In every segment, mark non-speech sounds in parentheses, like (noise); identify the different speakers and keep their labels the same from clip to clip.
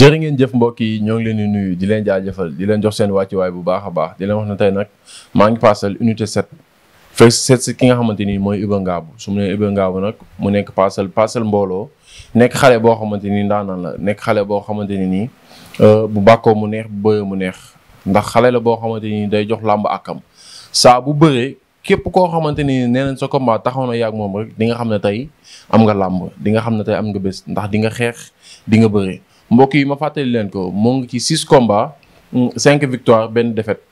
Speaker 1: jërë ngeen jëf mbokk yi ñoo ngi leen di nuyu di leen jaajafal di leen jox seen wàccuwaay bu baax a baax di leen wax na tey nag maa ngi Parcelles unité 7 fekk seet ki nga xamante ni mooy Iba su mu nee Iba nag mu nekk Parcelles Parcelles mbooloo nekk xale boo xamante ni ndaanaan la nekk xale boo xamante ni nii euh, bu bàkkoo mu neex bu mu neex ndax xale boo xamante ni day jox làmb àkkam saa bu bëree képp koo xamante ni nee nañ sa combat taxaw na yàgg moom rek di nga xam ne tey am nga làmb di nga xam ne tey am nga bés ndax di nga xeex di nga bëree mbokk yi ma fàttali leen ko moo ngi ci six komba mm, cinq victoire benn défaite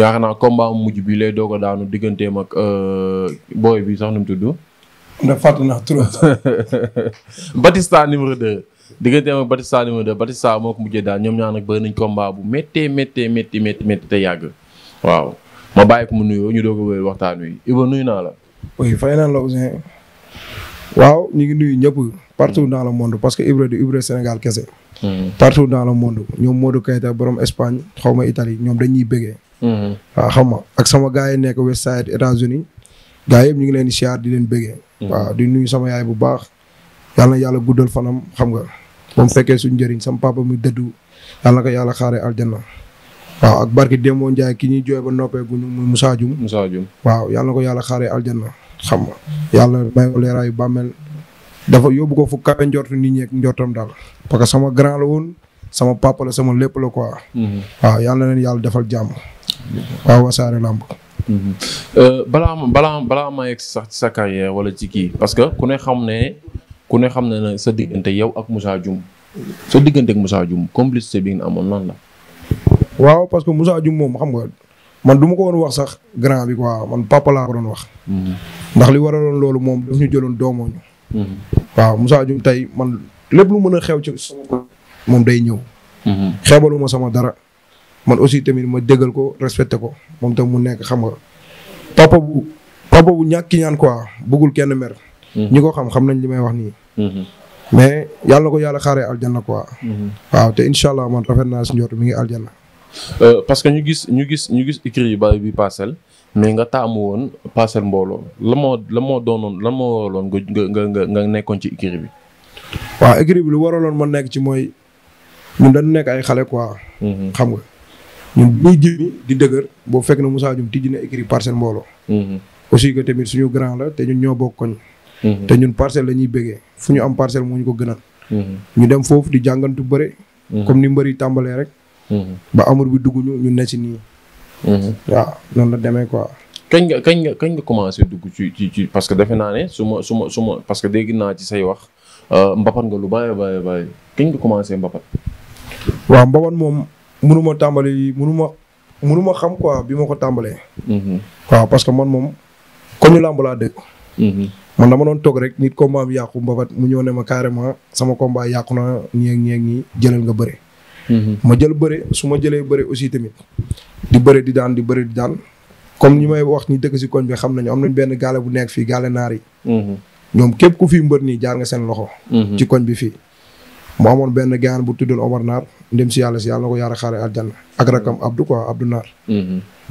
Speaker 1: yaakaar naa combat mujj bi lay doog a daanu digganteem ak euh, booy bi sax nu mu tudd.
Speaker 2: ndax fàttali naa trop. (laughs)
Speaker 1: Batista numéro 2 digganteem ak Batista numéro 2 Batista moo ko mujjee daal ñoom ñaar nag bëri nañ combat bu méttee méttee métti métti te yàgg waaw. ma bàyyi ko mu nuyoo ñu doog a wéyal waxtaan wi Iba nuyu naa la.
Speaker 2: oui fay naa la Ouzin. waaw ñu ngi nuyu ñëpp partout dans le monde parce que Ibra du Ibra Sénégal kese. Hmm. partout dans le monde ñoom Modou Keita borom Espagne xaw ma Italie ñoom dañuy bëggee. Hmm. waaw xam ma ak sama gars yi nekk West Side États-Unis gars yëpp ñu ngi leen di siyaar di leen bëggee. Hmm. waaw di nuyu sama yaay bu baax yàlla na yàlla guddal fanam xam nga ba mu fekkee suñ njëriñ sama papa mu dëddu yàlla na ko yàlla xaaree aljanna. waaw ak barki Demba Ndiaye ki ñuy jooy ba noppee guñu muy Moussa Dioum. Moussa Dioum waaw yàlla ko yàlla xaaree aljanna. xam nga yàlla may ko leeraayu bàmmeel dafa yóbbu ko fu kawe njortu nit ñi ak njortam daal parce que sama grand la woon sama papa sama lépp la quoi. Mhm. waaw yàlla na yàlla defal jàmm. waaw wasaare làmb. Mhm.
Speaker 1: Euh, balaa balaa balaa ma sax ci sa carrière wala ci kii parce que ku ne xam ne ku ne xam ne sa diggante yow ak Moussa Dioum sa diggante ak Moussa Dioum complicité bi nga amoon lan la.
Speaker 2: waaw parce que Moussa Dioum moom xam nga man du ma ko woon wax sax grand bi quoi man papa wax. Mhm. ndax li waraloon loolu moom daf ñu jëloon doomoo waaw mu sax Dioum tey man lépp lu mën a xew ci sama moom day ñëw. xeebalu sama dara. man aussi tamit ma déggal ko respecté ko moom tam mu nekk xam nga papa bu papa bu ñàkk ñaan quoi bëggul kenn meer mhm. ñi ko xam xam nañ li may wax nii. Mhm. mais yàlla na ko yàlla xaaree aljanna quoi. Mhm. waaw te incha allah man rafet naa si njort mi ngi aljanna.
Speaker 1: Euh, parce que ñu gis ñu gis ñu gis écrit yu bari bi parcelle mais nga taamu woon parcelle mbooloo la moo la moo doonoon la moo waraloon nga nga nekkoon ci écrit bi.
Speaker 2: waaw écrit bi lu waraloon ma nekk ci mooy ñun dañu nekk ay xale quoi. Mhm. xam nga ñun buy jëmi di dëgër boo fekk na Moussa Dioum tijji na écrit parcelle mbooloo. Mhm. aussi que tamit suñu la te ñun ñoo bokk koñ. Mhm. te ñun parcel la ñuy bëggee fu ñu am parcelle moo ñu ko gënal. ñu dem foofu di jàngantu bëre. comme ni mbëri tàmbalee rek. ba amur bi dugg ñu ñu ne ci nii. waaw noonu la demee quoi.
Speaker 1: kañ nga kañ nga kañ nga commencé dugg ci ci ci parce que defe naa ne su ma su ma parce que dégg naa ci say wax euh, mbapat nga lu bàyyi bàyyi bàyyi kañ nga commencé mbapat.
Speaker 2: waaw mbapat moom mënuma tàmbali mënuma mënuma xam quoi bi ma ko tàmbalee. Mhm. waaw parce que man moom ko ñu làmb laa dëkk. Mhm. man dama doon toog rek nit combat am yàqu mbapat mu ñëw ne ma carrément sama combat yàqu na ñii ak ñii ak nga bëri. Mm-hmm. ma jël bëre su ma jëlee bëre aussi tamit di bëre di daan di bëre di daan comme ñi may wax ñi dëkk si koñ bi xam nañu am nañ benn gaale bu nekk fii gaale naar yi mm-hmm. ñoom képp ku fi mbër nii jaar nga seen loxo mm-hmm. ci koñ bi fii mu amoon benn gaan bu tuddoon Omar Naar si yàlla si yàlla na ko yaara xaare aljanna ak rakam Abdou quoi Abdou Naar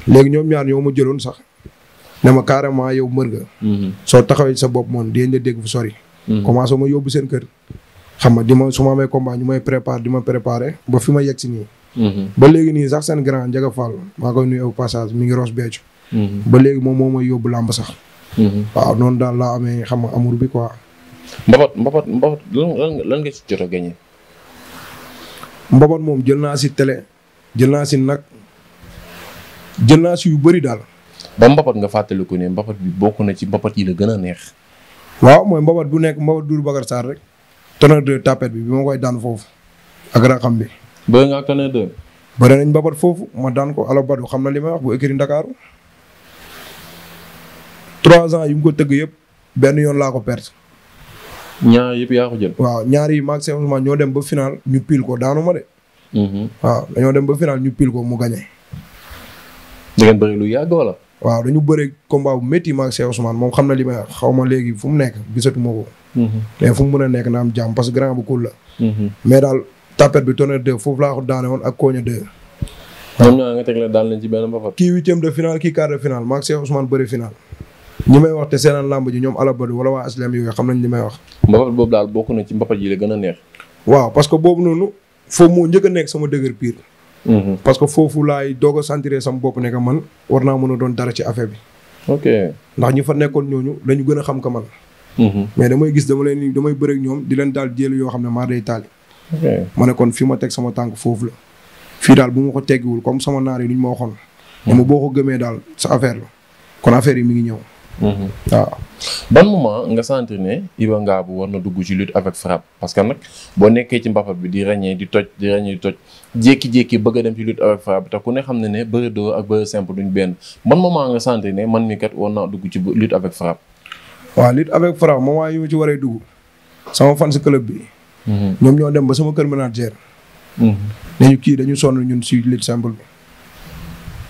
Speaker 2: léegi ñoom ñaar ñoo ma jëloon sax ne ma carrément yow mbër nga soo taxawee sa bopp moom dinañ la dégg fu sori commencé ma yóbbu seen kër xam nga di ma su ma amee combat ñu may préparé di ma préparé ba fi ma yegg si nii.
Speaker 3: Mhm. ba léegi
Speaker 2: nii sax seen grand Ndiaga Fall maa koy nuyu passage mi ngi Ross Béthio. Mhm. ba léegi moom moo may yóbbu làmb sax. Mhm. waaw noonu daal laa amee xam nga amour bi quoi. mbabat mbabat mbabat lan nga ci jot a moom jël naa si télé jël naa si nag jël naa yu
Speaker 1: bëri daal. ba mbabat nga fàttaliku ne mbabat bi bokk na ci mbabat yi la gën a neex.
Speaker 2: waaw mooy mbabat bu nekk mbabat Doudou Bakar Sarr rek. tonnerre 2 tapet bi bi ma koy daan foofu ak raxam bi. bëri nga ak tonnerre nañ mbapat foofu ma daan ko alabadu xam na lima may wax bu écurie Dakar trois ans yi mu ko tëgg yëpp benn yoon laa ko perte.
Speaker 1: ñaar yëpp yaa ko jël.
Speaker 2: waaw ñaar yi maag Cheikh ñoo dem ba final ñu pile ko daanu de. Mhm. waaw dañoo dem ba final ñu pile ko mu gagné. da ngeen bëri lu yàgg waaw dañu bëre combat bu métti ma ak Cheikh moom xam na li may xaw ma léegi fu mu nekk gisatu ma ko. Mhm. mais fu mu mën a nekk na am jàmm parce que grand bu kul la. Mhm. mais daal tapet bi tonnerre deux foofu laa ko daane daal nañ ci ñi may wax te seenaan làmb ñoom alabadu wala waa aslem yooyu xam nañ li may wax. mbapat boobu daal bokk na ci mbapat yi la gën a neex. waaw parce que boobu noonu foofu moo njëkk a nekk sama dëgër piir Mhm. parce que foofu laay doog a sentir sama bopp ne man war naa mën a doon dara ci affaire bi. ok ndax ñu fa nekkoon ñooñu lañu gën a xam ka man. Mhm. mais damay gis dama leen damay bëreeg ñoom di leen daal jël yoo xam ne maa day taali. ma ne kon fi ma teg sama tànk foofu la. fii daal bu ma ko teggiwul comme sama naar yi lu ñu ma waxoon. dama mhm. boo ko gëmee daal sa affaire la kon affaire yi mi ngi ñëw. waaw. Mhm. Ah. ban
Speaker 1: moment nga sentir ne Iba Ngabou war na dugg ci lutte avec frappe parce que nag boo nekkee ci mbapat bi di ràññee di toj di ràññee di toj jékki-jékki bëgg a dem ci lutte avec frappe te ku ne xam ne ne bëre dóor ak bëre simple duñ benn ban moment nga sentir ne man mi kat war naa dugg ci lutte avec frappe.
Speaker 2: waaw lutte avec frappe moment yi ma ci waree dugg sama fan si club bi. Mhm. ñoom ñoo dem ba sama kër manager. Mhm. ne ñu kii dañu sonn ñun si lutte simple bi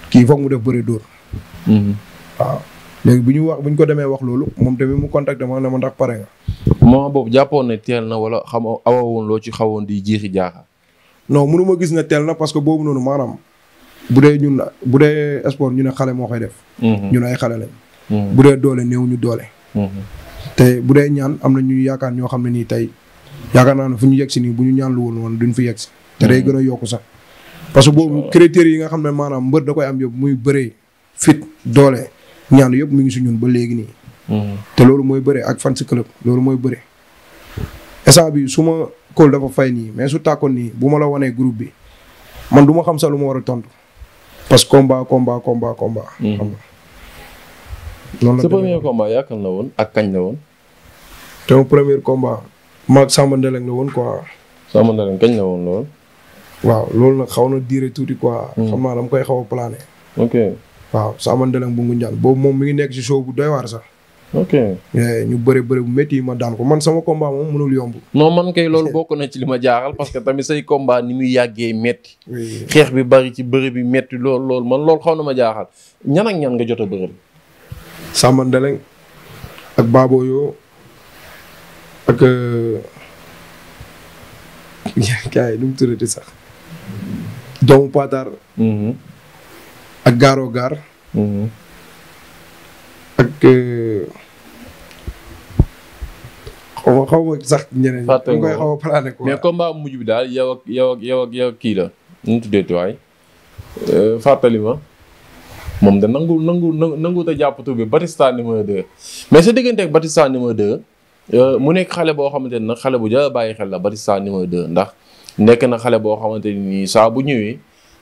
Speaker 2: kii foog mu léegi bu ñu wax bu ñu ko demee wax loolu moom tamit mu contacté ma ne ma ndax pare nga.
Speaker 1: moment boobu jàppoon ne teel na wala xam awawoon loo ci xawoon di jiixi jaaxa.
Speaker 2: non mënu ma gis ne teel na parce que boobu noonu maanaam bu dee ñun bu dee sport ñu ne xale moo koy def. Mhm. ñun ay xale lañ. Mhm. bu dee doole néew ñu doole. Mhm. te bu dee ñaan am na ñu yaakaar ñoo xam ne nii tey yaakaar naa ne fu ñu yegg si nii bu ñu ñaan lu woon woon duñ fi yegg si. te day gën a yokku sax. parce que boobu critères yi nga xam ne maanaam mbër da koy am yëpp muy bëree fit doole ñaan yëpp mu ngi si ñun ba léegi nii. Mm-hmm. te loolu mooy bëre ak fan si club loolu mooy bëre. instant bi su ma kóol dafa fay nii mais su tàkkoon nii bu ma la wanee groupe bi man du ma xam sax lu ma war a tontu parce que combat combat combat combat. Mm-hmm. xam nga noonu la sa premier
Speaker 1: combat yaakaar la woon ak kañ la woon.
Speaker 2: te ma premier combat maag Samba Ndeleng woon quoi. Samba Ndeleng kañ la woon lool. waaw loolu nag xaw na diire tuuti quoi. Mm-hmm. xam naa dama koy xaw a plané. ok. waaw Samba Ndeleng bu Ngunjaan boobu moom mi ngi nekk ci show bu doy waar sax. ok eh, ñu bëre bëre bu metti yi ma daan ko man sama combat moom mënul yomb.
Speaker 1: non man koy loolu bokk na ci li ma jaaxal parce que tamit say combat ni muy yàggee métti. xeex bi bari ci bëre bi metti lool lool man loolu xaw na ma jaaxal ñan ak ñan nga jot a bëre.
Speaker 2: Samba Ndeleng ak Baboyo ak. Euh, gars (laughs) nu mu tuddati sax. doomu Patar. Mhm. ak gaaroo gaar mm-hmm. ak euh, xaw ma xaw ma sax ñeneen ñi koy xaw a plané
Speaker 1: mujj bi daal yow ak yow ak yow ak yow ak kii la nu mu tuddee tuwaay euh, fàttali ma moom da nangu nangu nangu ta jàpp tur bi Batista numéro 2 mais sa diggante ak euh, mu nekk xale boo xamante ne nag xale bu jar bàyyi xel la Batista numéro 2 ndax nekk na xale boo xamante ni saa bu ñëwee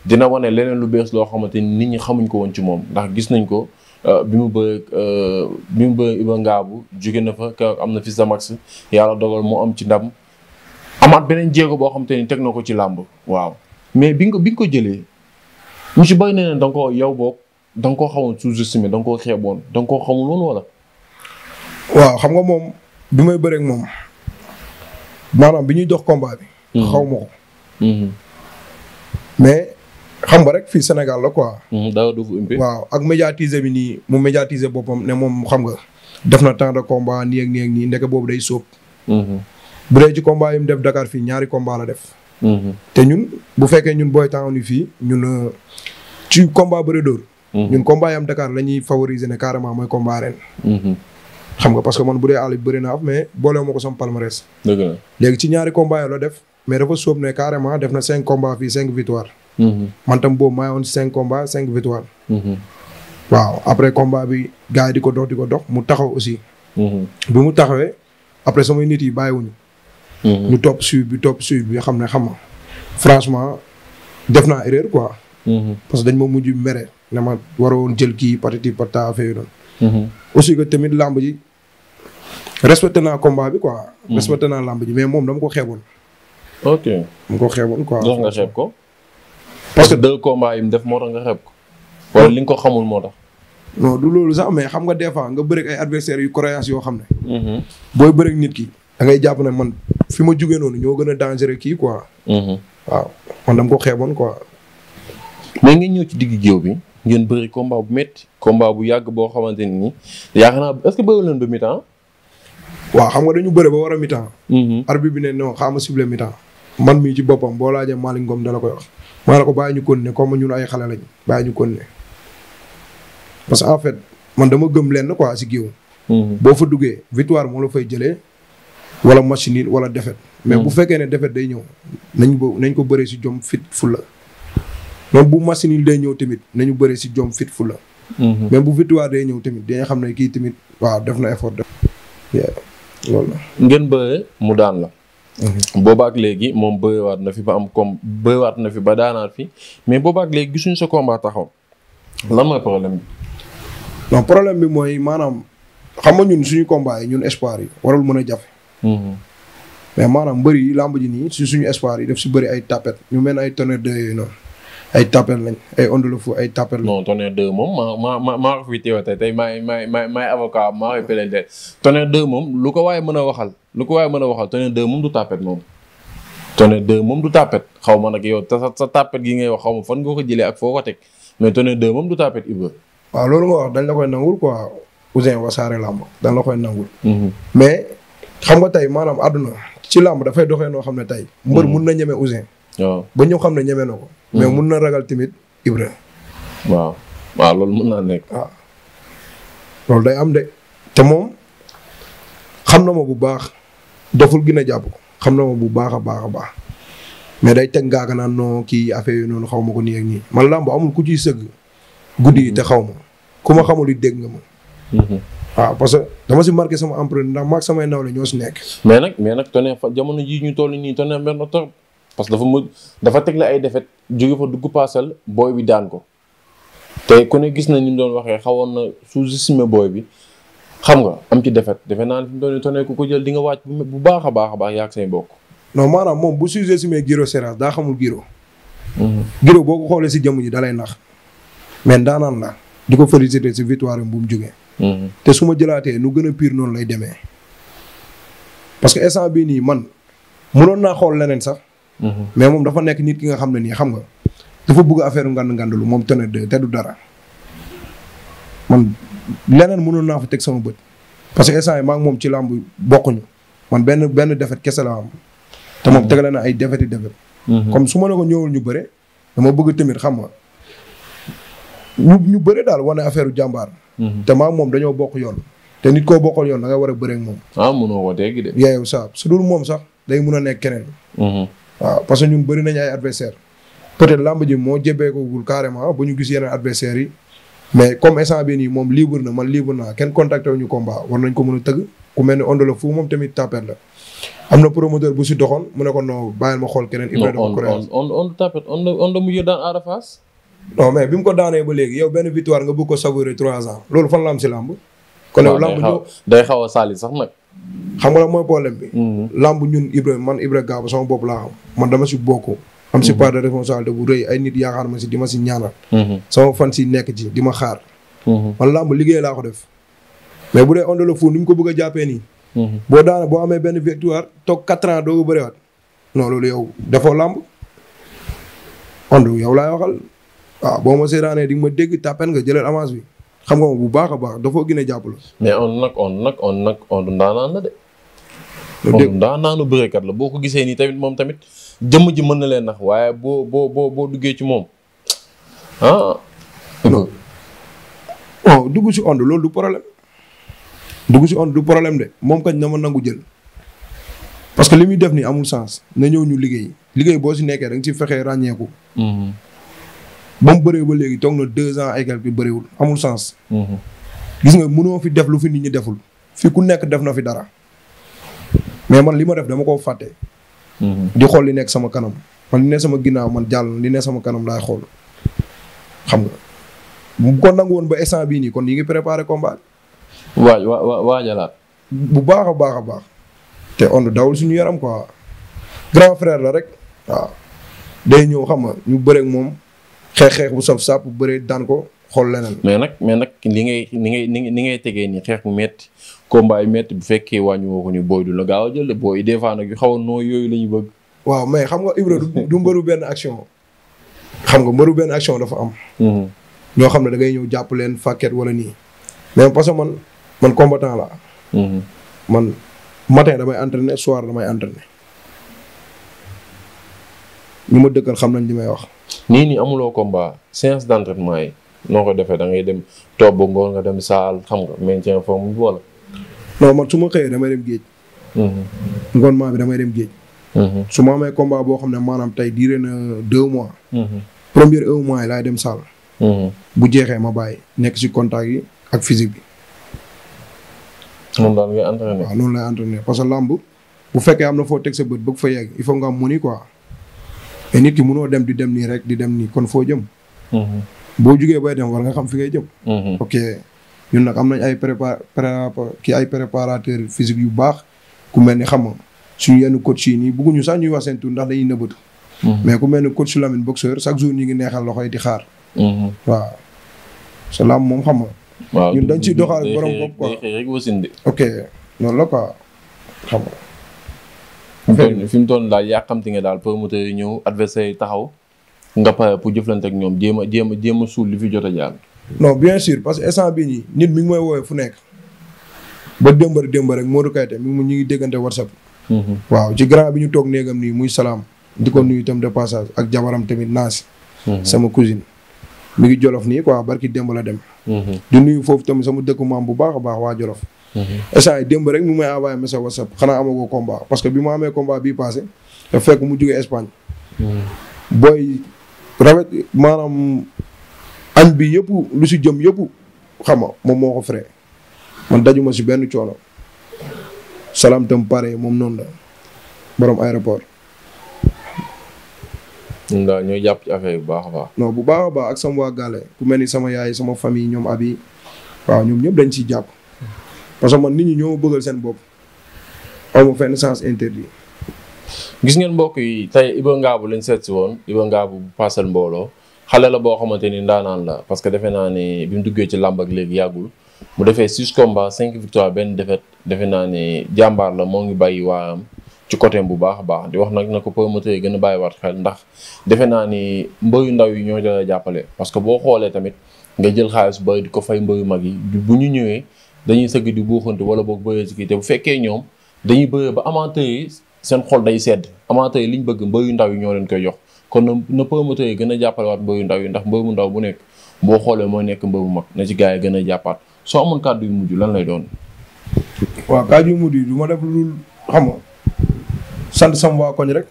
Speaker 1: dina wane leneen lu bees loo xamante ni nit ñi xamuñ ko woon ci moom ndax gis nañ ko euh, bi mu bëree euh, bi mu bëree Iba Ngaabu jóge na fa keroog am na fi Zamax yàlla dogal moo am ci ndam amaat beneen jéego boo xamante ni teg na ko ci làmb waaw mais bi nga ko bi ko jëlee mu ci bëri ne da nga koo yow boog da nga koo
Speaker 2: xawoon sous-estimé da nga koo xeeboon da koo xamul woon wala. waaw xam nga moom bi may bëreeg moom maanaam bi ñuy dox combat bi. Mm-hmm. xaw ma ko. Mm-hmm. mais xam nga rek fii Sénégal la quoi.
Speaker 1: Mhm, daaw du waaw
Speaker 2: ak médiatiser bi nii mu médiatiser boppam ne moom xam nga. def na temps de combat nii boobu day sóob. Mhm. bu dee ci mu def Dakar fii ñaari combat la def. Mhm. te ñun bu fekkee ñun booy temps fii ñun euh, ci combat bëre dóor. ñun combat yi am la ñuy favoriser ne carrément mooy combat ren. xam nga parce que man bu dee àll bi mais boole ko sama palmarès. ci ñaari combat yi def mais dafa sóob ne carrément def na cinq combat fii cinq victoire. Mm-hmm. man tam boo maa woon cinq combats cinq victoire. Mm-hmm. waaw après combat bi gars yi di ko dox di ko dox mu taxaw aussi. Mm-hmm. bi mu taxawee après samay nit yi bàyyiwuñu. ñu top suivi bi topp suivi bi xam ne xam nga franchement def naa erreur quoi. parce que dañ ma mujj mere ne ma waroon jël kii patati patata affaire aussi que tamit làmb ji respecté naa combat bi quoi. respecté naa làmb ji mais moom dama ko xeeboon. ok dama ko xeeboon quoi.
Speaker 1: ko. parce que deux combats yi mu def moo tax nga xeeb ko. wala li nga ko xamul moo tax.
Speaker 2: non du loolu sax mais xam nga des fois nga bëreeg ay adversaires yu croyance yoo xam ne. Mm-hmm. booy bëreeg nit ki. dangay jàpp na man fi ma jugee noonu ñoo gën a dangereux kii quoi. Mm-hmm. waaw man dam ko xeeboon quoi. mais ngeen ñëw
Speaker 1: ci digg géew bi
Speaker 2: ngeen bëri combat bu
Speaker 1: metti combat bu yàgg boo xamante ne yaa yaakaar
Speaker 2: naa est-ce leen ba mi-temps. waaw xam nga dañu bëre ba war a mi-temps. Mm-hmm. bi ne non xaama ciblé mi man mii ci boppam boo laajee Malick Ngom dala koy wax maa la ko bàyyi ñu continuer comme ñun ay xale lañ bàyyi ñu continuer parce que en fait man dama gëm lenn ko si géew mhm. boo fa duggee victoire moo la fay jëlee wala machine nul wala défaite mais mhm. bu fekkee ne défaite day ñëw nañ ko nañ ko bëree si jom fit fulla noonu bu match nul day ñëw tamit nañu bëree si jom fit fulla mhm. même bu victoire day ñëw tamit dañuy xam ne kii tamit waaw def na effort def
Speaker 3: loolu
Speaker 1: ngeen bëree mu daan la boobaak léegi moom waat na fi ba am comme bëriwaat na fi ba daanaat fi mais boobaak léegi gisuñu sa combat taxaw. lan mooy problème bi.
Speaker 2: problème bi mooy maanaam xam nga ñun suñu combat yi ñun espoir yi warul mën a jafe. Mm-hmm. mais maanaam mbëri yi làmb ji nii suñu espoir yi daf si bëri ay tapet ñu mel ay tonnerre de yooyu noonu. ay tapel lañ ay Onde le Fou ay tapel lañ. non
Speaker 1: Tonnerre 2 moom maa maa maa ko fi teew tey tey maay maay maay maay avocat maa koy peleel tey Tonnerre 2 moom lu ko waaye mën a waxal lu ko waaye mën a waxal Tonnerre 2 moom du tapet moom. Tonnerre 2 moom du tapet xaw ma nag yow sa sa tapet gi ngay wax xaw ma fan nga ko jëlee ak foo ko teg mais Tonnerre 2 moom du tapet Ibra.
Speaker 2: waaw loolu nga wax dañ la koy nangul quoi Ouzin Wassare Lamb dañ la koy nangul. Mm-hmm. mais xam nga tey maanaam àdduna ci lamb dafay doxee noo xam ne tey. mbër mm-hmm. mun na ñeme Ouzin. waaw ba ñëw xam ne ñeme na ko. mais hmm. mun na ragal tamit Ibra. waaw waaw loolu mun naa nekk. waaw ah. loolu day am de te moom xam na ma bu baax doful gi a jàpp ko xam na ma bu baax a baax a baax mais day teg ngaaka naan non kii affaire yooyu noonu xaw ma ko nii ak nii man làmb amul ku ciy sëgg. guddi yi te xaw ma ku ma xamul yi dégg nga ma. Hmm. waaw parce que dama si marqué sama empreinte ndax samay nawle ñoo si nekk.
Speaker 1: mais nag mais nag Tonnerre fa jamono jii ñu toll nii Tonnerre benn trop. parce que dafa mu dafa teg la ay defet jóge fa dugg paasal booy bi daan ko te ku ne gis na ni mu doon waxee xawoon na sous-estimé booy bi xam nga am ci defet defe naa ne fi mu doon tonné ku ko jël di nga wàcc bu baax a baax a baax yaag say bokk.
Speaker 2: non maanaam moom bu sous-estimé Giro Seras daa xamul Giro. Mhm. Giro boo ko xoolee si jëmm ji da nax mais daanaan la di ko féliciter si victoire am bu mu jógee. Mhm. te su ma jëlaatee nu gën a pire noonu lay demee. que instant bii nii man mënoon naa xool leneen sax. mais moom dafa nekk nit ki nga xam ne nii xam nga dafa bugg affaire ngand ngandalu moom Tonnerre 2 te du dara man leneen mënoon naa fa teg sama bët parce que instant yi moom ci làmb bokkuñu man benn benn defet kese la am te moom mm-hmm. tegale na ay defeti defet mm-hmm. comme su ma ne ñëwul ñu bëre dama bëgg tamit xam nga ñu ñu bëre daal wane affaire jàmbaar mm-hmm. te maa moom dañoo bokk yoon te nit koo bokkal yoon da nga war a bëre ak moom ah mënoo ko teggi de yeew sa su dul moom sax day mun a nekk keneen waaw parce que ñun bëri nañ ay adversaire peut-être làmb ji moo jébbeekoogul carrément ba ñu gis yeneen adversaires yi mais comme instant bii nii moom libre na man libre naa kenn contacté wu ñu combat war nañ ko mën a tëgg ku mel ne Onde la fu moom tamit tapet la. am na promoteur bu si doxoon mu ne ko non bàyyil ma xool keneen. Ibrahima Kouré
Speaker 1: on on tapet on daan Ada Fass
Speaker 2: non mais bi mu ko daanee ba léegi yow benn victoire nga bëgg ko savourer trois ans loolu fan la am si làmb. kon yow làmb a saali sax nag. xam nga mooy problème bi. Mhm. làmb ñun Ibrahima man Ibrahima Gabo sama bopp laa xam man dama si bokk. am si mhm. part de responsabilité bu rëy ay nit yaakaar ma si di ma si ñaanal. Mhm. sama fan si nekk ci di ma xaar. man làmb liggéey laa ko def. mais bu dee Onde le Fou ni mu ko bëgg a jàppee nii. boo daana boo amee benn victoire toog quatre ans doo ko bëriwaat. non loolu yow defoo làmb. Onde yow laa waxal ah, boo ma seetaanee di nga ma dégg tàppen nga jëlal avance bi. xam nga moom bu baax a baax dafa gën a jàppale.
Speaker 1: mais on nag on nag on nag on du ndaanaan la de. dégg ndaanaanu bëreekat la boo ko gisee nii tamit moom tamit jëmm ji mën na leen nax waaye
Speaker 2: boo boo boo boo duggee ci moom ah. non oh, dugg si Onde loolu du problème dugg si Onde du problème de moom kañ na ma nangu jël. parce que li muy def nii amul sens na ñëw ñu liggéey liggéey boo si nekkee rek nga si fexee ràññeeku. Mm-hmm. ba mu bëree ba léegi toog na deux ans ay bi bëriwul amul sens. Mhm. gis nga mënoo fi def lu fi nit ñi deful fi ku nekk def na fi dara mais man li ma def dama koo fàtte. Mhm. di xool li nekk sama kanam man li ne sama ginnaaw man jàll li ne sama kanam laay xool xam nga bu ko nangu woon ba instant bii nii kon yi ngi préparé combat. waaj wa waajalaat. bu baax a baax a baax. te ond dawul suñu yaram quoi. grand frère la rek. waaw day ñëw xam nga ñu bëreeg moom. xeex xeex bu saf sàpp bu bëree daan ko xool leneen.
Speaker 1: mais nag mais nag ni ngay ni ngay li ngay tegee nii xeex bu metti combat yi metti bu fekkee wàññiwoo ko ni booy du la gaaw a jël de booy des fois nag yu xaw a noo yooyu la ñu bëgg.
Speaker 2: waaw mais xam nga Ibra du mbëru benn action. xam nga mbëru benn action dafa am. Mm-hmm. ñoo xam ne da ngay ñëw jàpp leen fàkket wala nii. mais parce que man man combattant la mm-hmm. man matin damay entraîner soir damay entraîner. ñu ma dëkkal xam nañ li may wax.
Speaker 1: nii nii amuloo combat séance d' entraînement yi noo ko defee da ngay dem toog ba ngoon nga dem saal xam nga maintien forme wala. non man su ma xëyee damay dem géej.
Speaker 2: Mhm. ngoon bi damay dem géej. Mhm. su ma amee combat boo xam ne maanaam tey diire na deux mois. Mhm. premier un mois yi laay dem saal. bu jeexee ma bàyyi nekk ci contact yi ak physique bi. noonu daal ngay entraîné. waaw noonu lay entraîné parce que làmb bu fekkee am na foo teg sa bët bëgg fa yegg quoi. mais nit ki mënoo dem di dem nii rek di dem nii kon foo jëm. Mm-hmm. boo jugee bay dem war nga xam fi ngay jëm. Mm-hmm. ok ñun nag am nañ ay prépa ki ay préparateur physique yu baax ku mel ni xam nga suñu yenn coach si nii bëgguñu sax ñuy wax seen tur ndax dañuy nëbbatu. Mm-hmm. mais ku mel ni coach Lamine boxeur chaque jour ñu ngi neexal loxo yi di xaar. waaw salaam moom xam waaw ñun dañ ciy doxal borom bopp quoi. ok noonu la quoi xam nga. fi
Speaker 1: mu toll daal yàqamti nga daal promoteur yi ñëw adversaire yi taxaw nga pare pour jëflante ak ñoom jéem a jéem a jéem a suul li fi jot a jaar.
Speaker 2: non bien sûr parce que instant bii nii nit mi ngi may woowee fu nekk ba démb rek démb rek Modou Kayte mi ñu ngi déggante WhatsApp.
Speaker 3: Mhm. waaw ci
Speaker 2: grand bi ñu toog néegam nii muy salaam. di ko nuyu itam de passage ak jabaram tamit naas. Mhm. sama cousine mu ngi jolof nii quoi barki démb la dem. Mm-hmm. di nuyu foofu tamit sama dëkku maam bu baax a baax waa Jolof. esaay mm-hmm. démb rek mu may envoyé message whatsapp xanaa amagoo combat parce que bi ma amee combat bi passé fekk mu jógee Espagne. Mm-hmm. booy rafet maanaam añ bi yëpp lu si jëm yëpp xam moom moo ko frais man dajuma si benn coono salaam tam pare moom noonu la borom aéroport. waaw ñoo jàpp ci affaire bu baax a baax. non bu baax ak sama waa Gale ku mel ni sama yaay sama famille ñoom abi waaw ñoom ñëpp dañ ciy jàpp parce que man nit ñi ñoo bëggal seen bopp amu fenn sens interdit.
Speaker 1: gis ngeen mbokk yi tey Iba Ngabou lañ seet si woon Iba Ngabou bu paasal mbooloo xale la boo xamante ni ndaanaan la parce que defe naa ne bi mu duggee ci làmb ak léegi yàggul mu defee six combats cinq victoires benn défaite defe naa ne jàmbaar la moo ngi bàyyi waayam. ci côté bu baax a baax di wax na ko promoteur gën a bàyyiwaat xel ndax defe naa ni mbëyu ndaw yi ñoo dala jàppale parce que boo xoolee tamit nga jël xaalis bu ko fay mbëyu mag yi bu ñu ñëwee dañuy sëgg di buuxante wala boog bëree bu fekkee ñoom dañuy bëree ba amateur seen xol day sedd amateur yi liñ bëgg mbëyu ndaw yi ñoo leen koy jox kon na na promoteur yi gën a jàppalewaat mbëyu ndaw yi ndax mbër ndaw bu nekk boo xoolee mooy nekk mbër mu mag na ci gaa yi gën a jàppaat soo amoon kàddu yu mujj lan lay doon
Speaker 2: waaw kàddu yu mujj du def lu xam nga sant sama waa koñ rek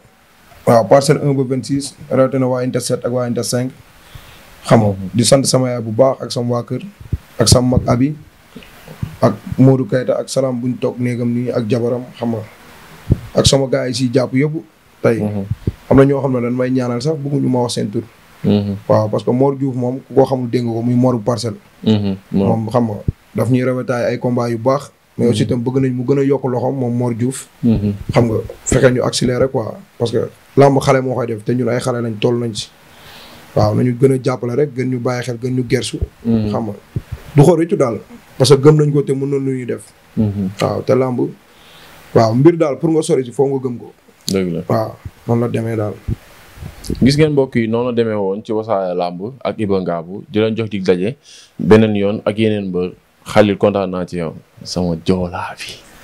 Speaker 2: waaw parcelle 1 ba 26 rawatina waa Inter 7 ak waa Inter 5 xam nga di sant sama yaay bu baax ak sama waa kër ak sama mag abi ak Modou Kayta ak salaam buñ toog néegam nii ak jabaram xam nga ak sama gaa yi si jàpp yëpp tey mhm. am na ñoo xam ne dañ may ñaanal sax bëgguñu ma wax seen tur mhm. waaw parce que moor Diouf moom ku ko xamul dégg ko muy Moru parcelle
Speaker 3: mhm, moom
Speaker 2: xam daf ñuy rewetaay ay combat yu baax mais aussi tam bëgg nañ mu gën a yokk loxoom moom Mor Diouf. Mhm. xam nga fexe ñu rek quoi parce que làmb xale moo koy def te ñun ay xale nañ toll nañ si. waaw nañu gën a jàppale rek gën ñu bàyyi gën ñu gersu. Mhm. xam nga du ko rëccu daal parce que gëm nañ ko te mun na lu ñuy def. Mhm. waaw te làmb waaw mbir daal pour nga sori si foo nga gëm ko. dëgg la noonu la demee daal.
Speaker 1: gis ngeen mbokk yi noonu la demee woon ci wasaare làmb ak Iba Ngabou di leen jox dig daje beneen yoon ak yeneen mbër. Khalil kontaan naa ci yow sama joolaa bi